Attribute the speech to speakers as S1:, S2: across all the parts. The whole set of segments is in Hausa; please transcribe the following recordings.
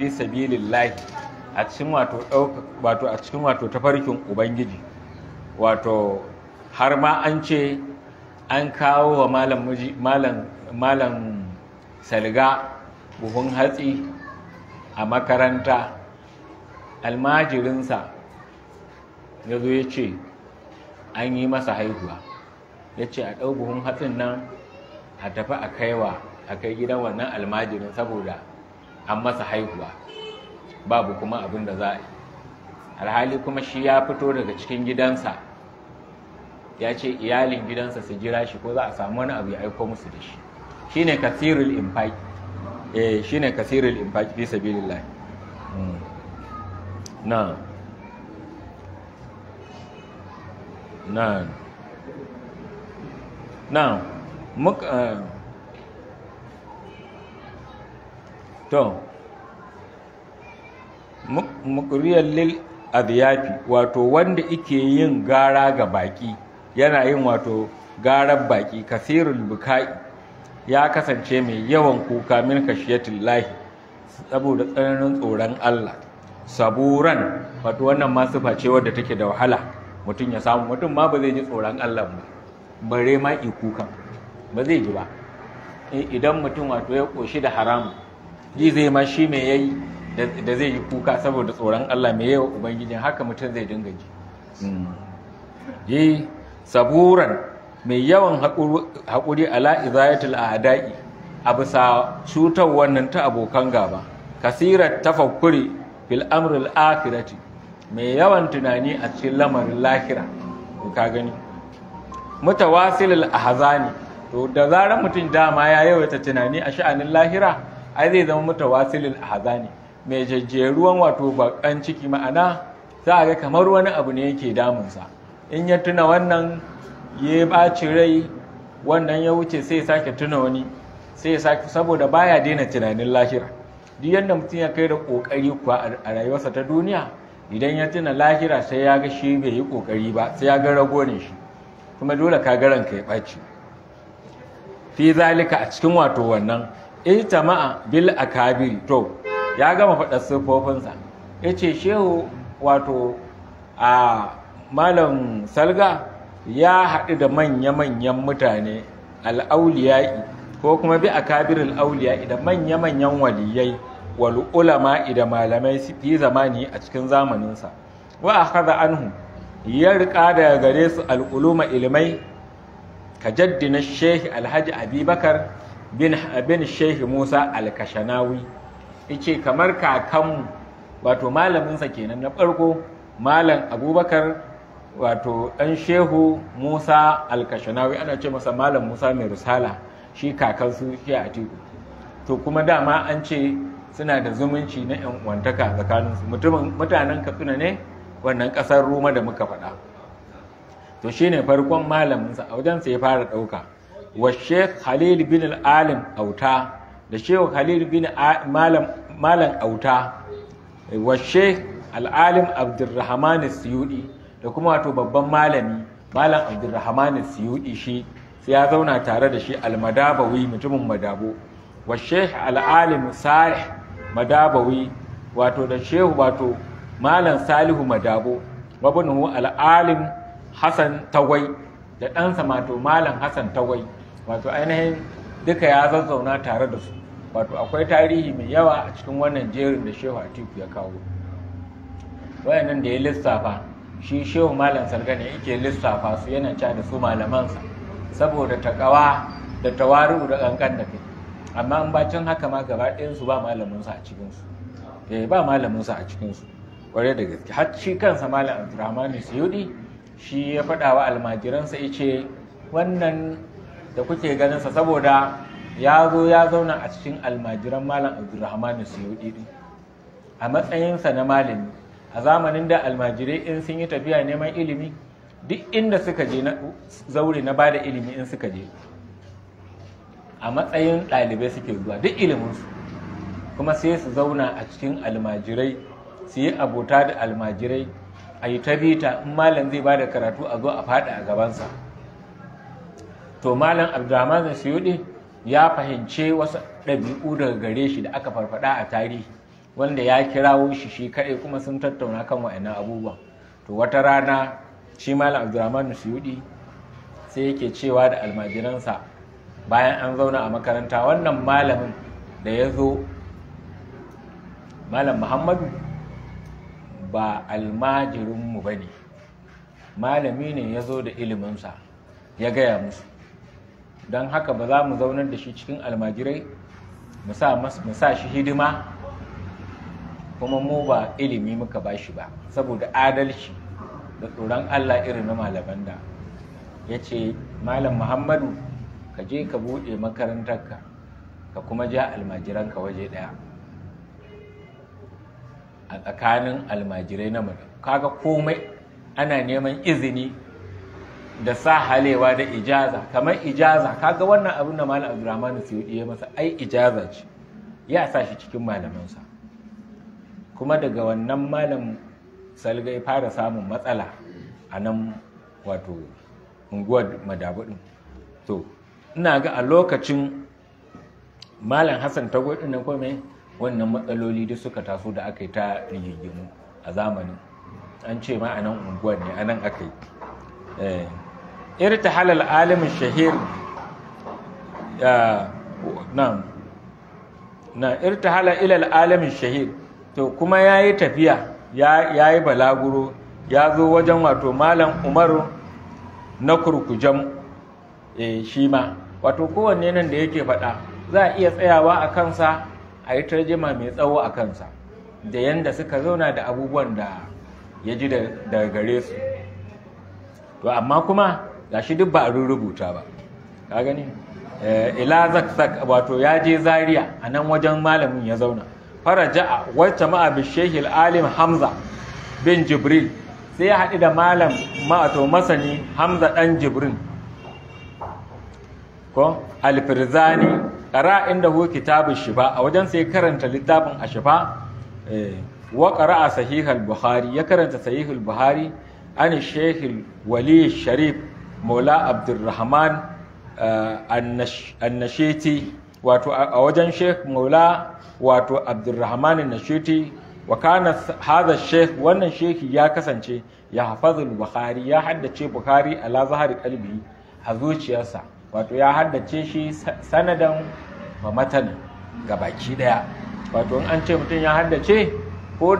S1: fi sabilillahi a cikin wato wato a cikin wato tafarkin ubangiji wato har ma an ce an kawo wa malam malam malam salga buhun hatsi a makaranta almajirinsa ya zo ya ce an yi masa haihuwa ya ce a ɗau buhun hatsin nan a tafi a kaiwa a kai gidan wannan almajirin saboda an masa haihuwa babu kuma abin da za a yi alhali kuma shi ya fito daga cikin gidansa ya ce iyalin gidansa su jira shi ko za a samu wani abu ya aiko musu da shi Shi ne kasirul infaq eh ne kasirul infaq fi sabilillah hmm. na na na muka eh, to mukuriyar lil adiyafi wato wanda ike yin gara ga baki yana yin wato garar baki kasirul bukai ya kasance mai yawan kuka min kashiyatin lahi saboda tsananin tsoron Allah saburan wato wannan ma sifa ce wadda take da wahala mutum ya samu mutum ma ba zai ji tsoron Allah ba bare ma i kuka ba zai ji ba eh, idan mutum wato ya koshi da haramu ji zai ma shi mai yayi da zai yi kuka saboda tsoron Allah mai yayi ubangijin haka mutum zai dinga ji hmm. Ji saburan mai yawan haƙuri ala izayatul a'da'i a bisa cutar wannan ta abokan gaba kasirar tafakkuri fil amril akhirati mai yawan tunani a cikin lamarin lahira ka gani mutawasilul ahzani to da zarar mutum dama ya yawaita tunani a sha'anin lahira ai zai zama mutawasilil ahzani mai jajjeruwan wato bakan ciki ma'ana za a ga kamar wani abu ne yake damunsa in ya tuna wannan ya ɓaci rai wannan ya wuce sai ya sake tuna wani sai ya sake saboda baya daina tunanin lahira duk yadda mutum ya kai da ƙoƙari kuwa a rayuwarsa ta duniya idan ya tuna lahira sai ya ga shi bai yi ƙoƙari ba sai ya ga rago ne shi kuma dole ka garan ka ya ɓaci fi zalika a cikin wato wannan ijtama'a bil akabir to ya gama faɗa sifofinsa, ya ce shehu wato a malam salga ya haɗu da manya-manyan mutane al'auliya'i ko kuma bi akabirin auliya'i da manya-manyan waliyai wal ulama da malamai fi zamani a cikin zamaninsa wa akhadha anhu ya riƙa daga gare su al'uluma ilmai ka jaddina shehi alhaji abubakar bin shehi musa alkashanawi ice kamar kakanmu wato malaminsa kenan na farko malam abubakar wato dan shehu musa alkashanawi ana ce masa malam musa mai risala, shi kakansu shi a tiku to kuma dama an ce suna da zumunci na yan uwantaka tsakaninsu mutumin mutanen katsina ne wannan ƙasar roma da muka faɗa to shine farkon malaminsa a wajen wajensa ya fara ɗauka wa sheikh khalil bin al-alim auta da shehu khalil bin malam malam auta wa sheikh al-alim abdurrahman siyudi da kuma wato babban malami malam abdurrahman siyudi shi sai ya zauna tare da shi al-madabawi mutumin madabo wa sheikh al-alim salih madabawi wato da shehu wato malam salihu madabo wabnuhu al-alim Hassan tawai da ɗansa mato malam Hassan tawai wato ainihin duka ya zazzauna tare da su wato akwai tarihi mai yawa a cikin wannan jerin da shehu atiku ya kawo wayannan da ya lissafa shi shehu malam sargane yake lissafa su yana ca da su malamansa saboda takawa da tawaru da kankan da kai amma in bacin haka ma gaba ɗayansu ba malaminsa a cikinsu eh ba malaminsa a cikinsu kware da gaske har shi kansa malam abdurrahman suyudi shi ya faɗa wa almajiransa yace wannan da kuke ganinsa saboda ya zo ya zauna a cikin almajiran malam Abdulrahmanu suyudi a matsayinsa na malami a zamanin da almajirai in sun yi tafiya neman ilimi duk inda suka je na zaure na bada ilimi in suka je a matsayin ɗalibai suke zuwa duk iliminsu kuma sai su zauna a cikin almajirai su yi abota da almajirai a yi ta in malam zai bada karatu a zo a faɗa a gabansa to malam siyo suyudi ya fahimce wasu ɗabi'u daga gare shi da aka farfada a tarihi wanda ya kirawo shi shi kaɗai kuma sun tattauna kan wa'annan abubuwan to wata rana shi malam siyo suyudi sai yake cewa da almajiransa bayan an zauna a makaranta wannan malamin da ya zo malam muhammadu ba almajirinmu ba ne malami ne ya zo da iliminsa ya gaya musu don haka ba za mu zaunar da shi cikin almajirai mu sa shi hidima kuma mu ba ilimi muka ba shi ba saboda adalci da tsoron allah irin na malaman da ya ce malam muhammadu ka je ka buɗe makarantarka ka kuma ja almajiranka waje ɗaya a tsakanin almajirai na mutum kaga komai ana neman izini da sa sahalewa da ijaza kamar ijaza kaga wannan abin da malam abdurrahman suyudi ya masa ai ijaza ce ya sa shi cikin malamansa kuma daga wannan malam salgai fara samun matsala a nan wato unguwar madabudin to ina ga a lokacin malam hassan tagwadin nan kome wannan matsaloli da suka taso da aka yi ta rigigimu a zamanin an ce ma a nan unguwar ne a nan aka yi eh. Irta halal alim shahir nan na halal ilal alamin shahir, to kuma ya yi tafiya ya yi balaguro ya zo wajen wato malam umaru na kurkujan eh, shi ma wato kowanne nan da yake faɗa za a iya tsayawa a kansa a yi tarjima mai tsawo a kansa da yanda suka zauna da abubuwan da ya ji daga gare su to amma kuma gashi duk ba a rubuta ba ka gani eh, ila zakzak wato ya je zaria a nan wajen malamin ya zauna faraja'a wata ma'a bishehil alim hamza bin jibril sai ya haɗu da malam ma'ato masani hamza ɗan jibril ko alfirzani ƙara inda hu kitabun shifa a wajen sai karanta littafin a shifa eh, wa ƙara'a sahihal buhari ya karanta sahihul buhari an shehil wali sharif Mola abdulrahman eh, Annasheti wato a wajen sheikh maula wato abdulrahman Annasheti wa kana hadha sheikh wannan sheikh ya kasance ya hafazul bukhari ya haddace bukhari ala zahari kalbi a zuciyarsa wato ya haddace shi sanadan wa matan ga baki daya wato in an ce mutum ya haddace ko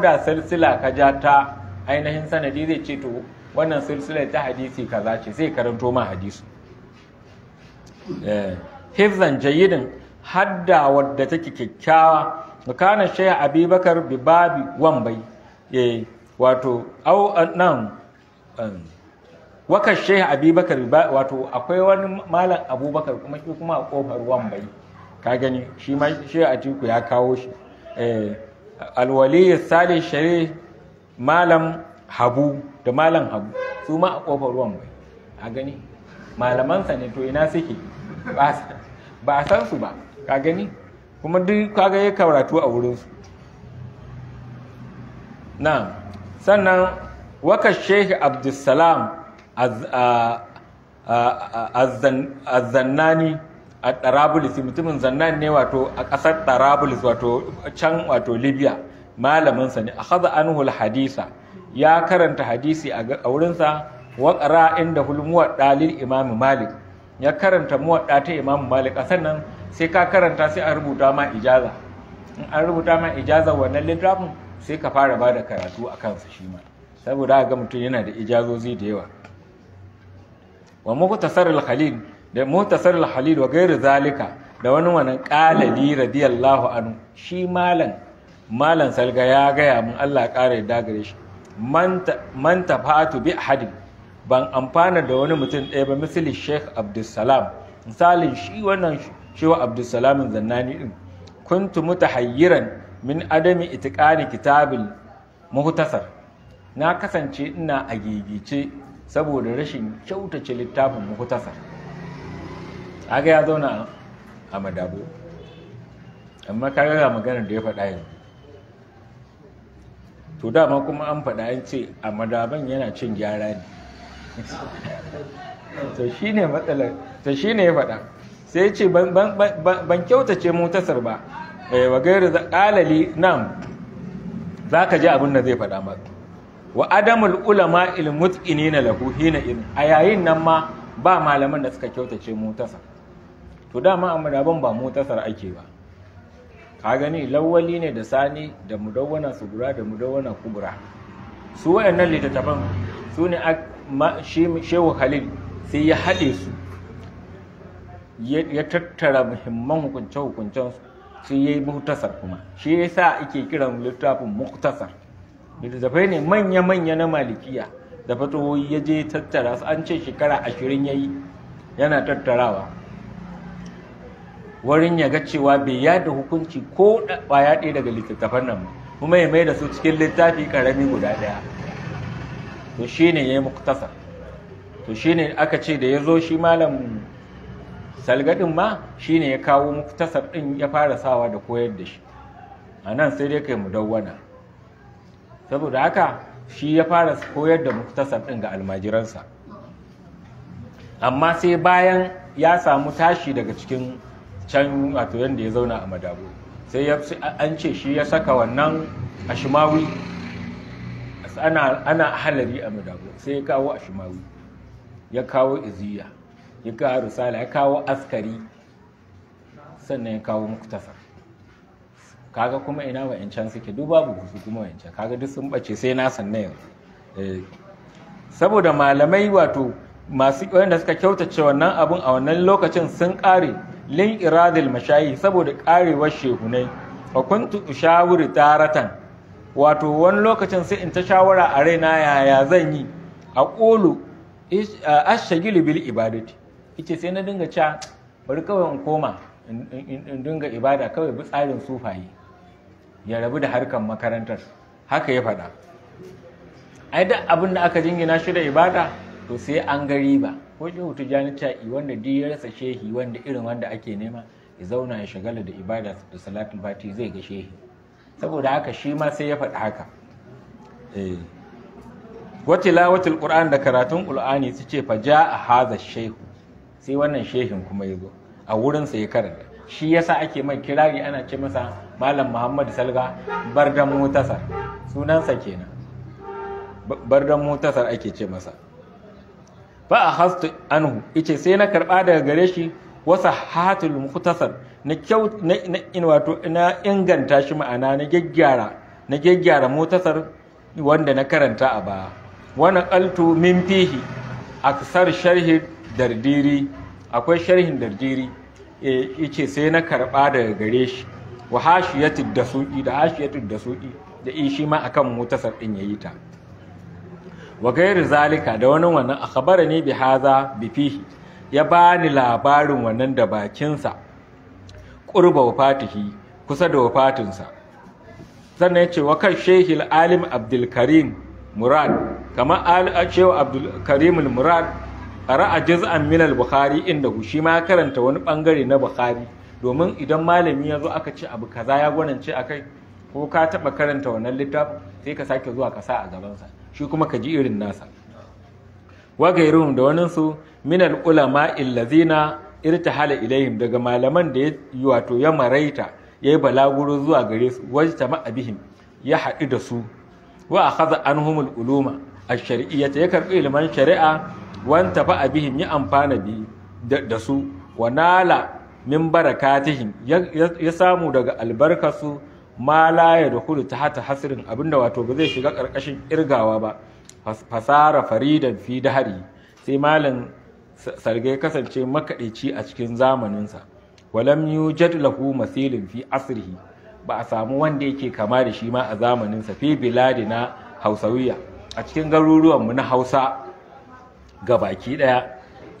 S1: da silsila ka ja ta ainihin sanadi zai ce to wannan silsilar ta hadisi kaza ce sai karanto ma hadisu. Eh, hifzan jayidin hadda wadda take kyakkyawa kana shaya abubakar bi babi wambai eh, wato au eh, nan wakan shehu abubakar wato akwai wani malam abubakar kuma shi kuma a kofar wambai ka gani shi ma shehu atiku ya kawo shi alwali salih shari malam habu da malam hagu su ma a kofar ruwan bai a gani malamansa ne to ina suke ba a san su ba ka gani kuma duk kaga ya karatu a wurinsu na sannan waka shehi abdulsalam zannani a tarabulis mutumin zannan ne wato a ƙasar tarabulis wato can wato libya malaminsa ne a haza anhul hadisa ya karanta hadisi a wurinsa wa inda hulmuwa dalil imam malik ya karanta muwaɗa ta imam malik a sannan sai ka karanta sai an rubuta ma ijaza in an rubuta ma ijaza wannan littafin sai ka fara ba da karatu a kansa shi ma saboda ga mutum yana da ijazozi da yawa wa muhtasar al-khalil da muhtasar al wa gairu zalika da wani wannan qalali radiyallahu anhu shi malam malam salga ya gaya mun Allah ya kare da gare shi man tafatu bi hadin ban amfana da wani mutum ɗaya ba misali sheikh abdulsalam misalin shi wannan wa abdulsalam zannani din kuntu mutahayyiran min adami itiqani kitabil muhtasar na kasance ina a gigice saboda rashin kyautace littafin muhtasar aga ya zauna a madabo amma kaga ga maganar da ya faɗa yanzu to dama kuma an faɗa an ce a madaban yana cin gyara ne to shi ne to ya faɗa sai ce ban kyautace motasar ba eh, wa gairu ƙalali nan za ka ji abin da zai faɗa ba wa adamul ulama ilmut na lahu hina in a yayin nan ma ba malaman da suka kyautace mutasar to dama a madaban ba motasar ake ba ka gani lawali ne da sani da mudawwana sugura da mudawwana kubura su wayannan littattafan su ne shehu khalil sai ya haɗe su ya tattara muhimman hukunce-hukuncen sai ya yi muhtasar kuma shi ya sa ake kiran littafin muktasar littattafai ne manya-manya na malikiya da fatoyi ya je tattara su an ce shekara ashirin ya yi yana tattarawa wurin ya ga cewa bai yada hukunci ko ɓaya ɗaya daga littattafan nan kuma ya mai da su cikin littafi ƙarami guda ɗaya to shi ne ya yi muktasa to shi ne aka ce da ya zo shi malam salgadin ma shi ne ya kawo muktasar ɗin ya fara sawa da koyar da shi a nan sai dai kai mu dawwana saboda haka shi ya fara koyar da muktasar ɗin ga almajiransa amma sai bayan ya samu tashi daga cikin can wato yadda ya zauna a madabo sai an ce shi ya saka wannan a Shimawi. ana halari a madabo sai ya kawo a Shimawi, ya kawo iziya ya kawo risala ya kawo askari sannan ya kawo muktasar kaga kuma ina wa wa'ancan suke duba buku su kuma wa'ancan kaga duk sun bace sai na sannan yau eh. saboda malamai wato masu wanda suka kyautace wannan abun a wannan lokacin sun ƙare lin iradil mashayi saboda karewar shehunai fa kuntu taratan wato wani lokacin sai in ta shawara a raina yaya zan yi a ƙolu ashagil bil ibadati ice sai na dinga ca bari kawai in koma in dinga ibada kawai bi tsarin sufaye ya rabu da harkan makarantar haka ya faɗa ai duk abin da aka jingina shi da ibada to sai an gari ba ko shehu tijjani ta'i wanda duk ya rasa shehi wanda irin wanda ake nema ya zauna ya shagala da ibada da salatul bati zai ga shehi saboda haka shi ma sai ya faɗi haka wata eh. watilawatul qur'an da karatun qur'ani su ce fa ja a haza shehu sai wannan shehin kuma ya zo a wurinsa ya karanta shi yasa ake mai kirari ana ce masa malam muhammad salga bardan mutasar sunansa kenan bardan mutasar ake ce masa ba a hastu anhu ice sai na karɓa daga gare shi wasa hatul muhtasar na kyau na wato na inganta shi ma'ana na gyaggyara na gyaggyara mutasar wanda na karanta a baya Wani qaltu min fihi aksar sharhi dardiri akwai sharhin dardiri e, yace sai na karɓa daga gare shi wa hashiyatu dasuqi da hashiyatu dasuqi da shi ma akan mutasar din yayi ta wa gairu zalika da wani wannan ne bi haza bi fihi ya bani labarin wannan da bakinsa qurba wafatihi kusa da wafatinsa sannan yace wa kan shehil alim abdul karim murad kamar al cewa abdul karim murad qara'a juz'an min al bukhari inda shi ma karanta wani bangare na bukhari domin idan malami ya zo aka ce abu kaza ya gwanance akai ko ka taba karanta wannan littafin sai ka sake zuwa ka sa a gabansa shi kuma ka ji irin nasa wa da waninsu minal ulama illazina irtahala ilaihim daga malaman da ya wato ya maraita ya yi balaguro zuwa gare su wajtama abihim ya haɗu da su wa akhadha anhumul uluma ash-shar'iyyah ya karɓi ilman shari'a wanta fa abihim ya amfana bi da su wa nala min barakatihim ya samu daga albarkasu ma la ya dukulu ta hata hasirin abinda wato ba zai shiga ƙarƙashin irgawa ba fasara faridan fi hari. sai malam sarge kasance makaɗaci a cikin zamaninsa walam jad lahu masilin fi asrihi ba a samu wanda yake kama da shi ma a zamaninsa fi na hausawiya a cikin mu na hausa ga baki ɗaya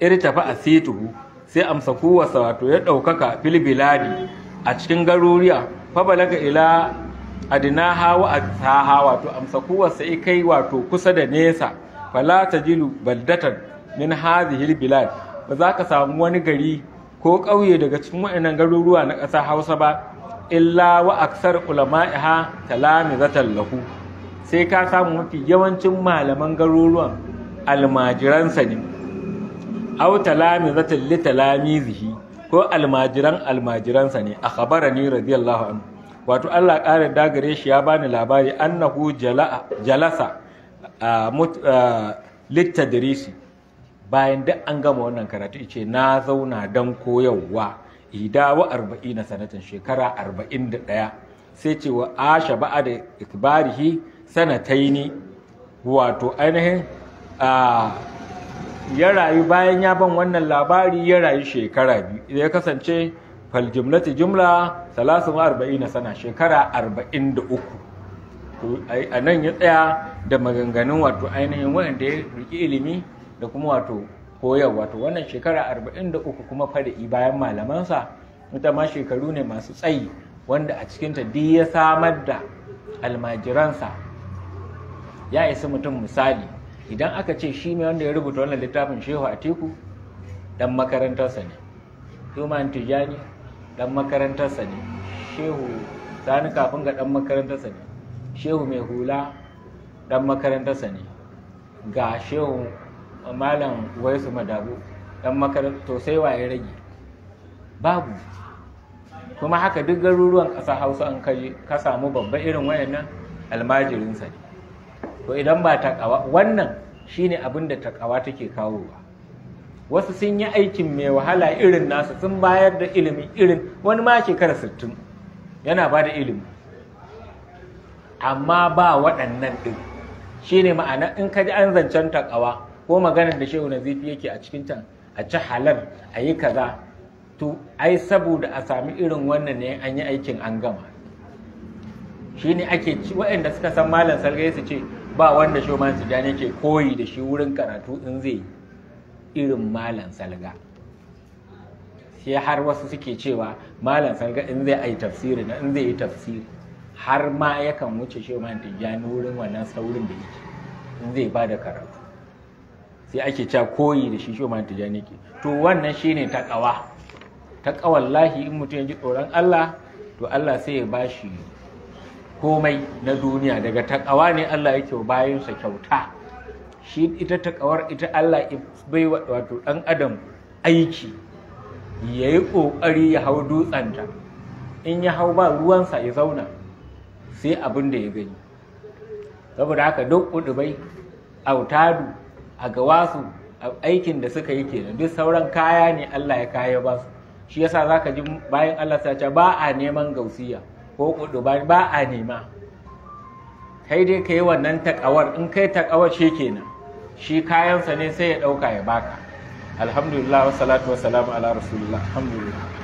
S1: iri tafi a situhu sai amsa sa wato ya ɗaukaka fil biladi a cikin garuruwa fabalaga ila hawa a taha wato amsa sai kai wato kusa da nesa fala jilu baldatar min hadhihi albilad ba za ka samu wani gari ko ƙauye daga cikin waɗannan garuruwa na ƙasa Hausa ba illa wa aksar talami talamizatan lahu sai ka samu mafi yawancin malaman garuruwan almajiransa ne au talami talamizatan li talamizihi ko almajiran almajiransa ne a khabarani radiyallahu anhu wato Allah ƙara dagare shi ya bani labari annahu jalasa littadirisi bayan duk an gama wannan karatu ce na zauna dan koyarwa idawa arba'in na sanatan shekara arba'in da ɗaya sai ce wa asha ba'a da sanatai sanataini wato ainihin ya rayu bayan ya ban wannan labari ya rayu shekara biyu ya kasance fal jumlati jumla 340 sana shekara 43 uku. a nan ya tsaya da maganganun wato ainihin wanda ya riki ilimi da kuma wato koyar wato wannan shekara 43 kuma fada'i bayan malamansa ita ma shekaru ne masu tsayi wanda a cikinta duk ya samar da almajiransa ya isa mutum misali idan aka ce shi mai wanda ya rubuta wannan littafin shehu a teku dan makarantarsa ne human tijani dan makarantarsa ne shehu sani kafin ga dan makarantarsa ne shehu mai hula dan makarantarsa ne ga shehu malam waisu madabu dan makarantar to sai waye rage babu kuma haka duk garuruwan ƙasa hausa an kai ka samu babba irin wayannan almajirinsa ne to idan ba takawa wannan shine abin da takawa take kawo ba. wasu sun yi aikin mai wahala irin nasu sun bayar da ilimi irin wani ma shekara 60 yana ba da ilimi amma ba waɗannan ɗin shine ma'ana in ka ji an zancen takawa ko maganar da shehu nazifi yake a cikin can a ci halal a yi kaza to ai saboda a sami irin wannan ne an yi aikin an gama shine ake waɗanda suka san malam salgai su ce ba wanda shoman tijjani ke koyi da shi wurin karatu in zai irin malam salga sai har wasu suke cewa malam salga in zai yi tafsiri na in zai yi tafsiri har ma yakan wuce shoman tijjani wurin wannan saurin da yake in zai ba da karatu sai ake cewa koyi da shi ta tijjani ke to wannan shine takawa ta kawallahi in mutum ya ji tsoron Allah to Allah sai ya bashi komai na duniya daga takawa ne Allah yake bayansa kyauta shi ita takawar ita Allah bai wato dan adam aiki yayi yi ƙoƙari ya hau dutsanta in ya hau ba ruwansa ya zauna sai abin da ya gani saboda haka duk ƙudubai autadu a gawasu aikin da suka yi kenan duk sauran kaya ne Allah ya kaya ba su shi yasa zaka ji bayan Allah ta ce ba a neman gausiya ko ƙuduban ba a nema kai dai ka yi wannan taƙawar in kai taƙawar shi kenan shi kayansa ne sai ya ɗauka ya baka alhamdulillah wasalatu wasalamu ala rasulillah alhamdulillah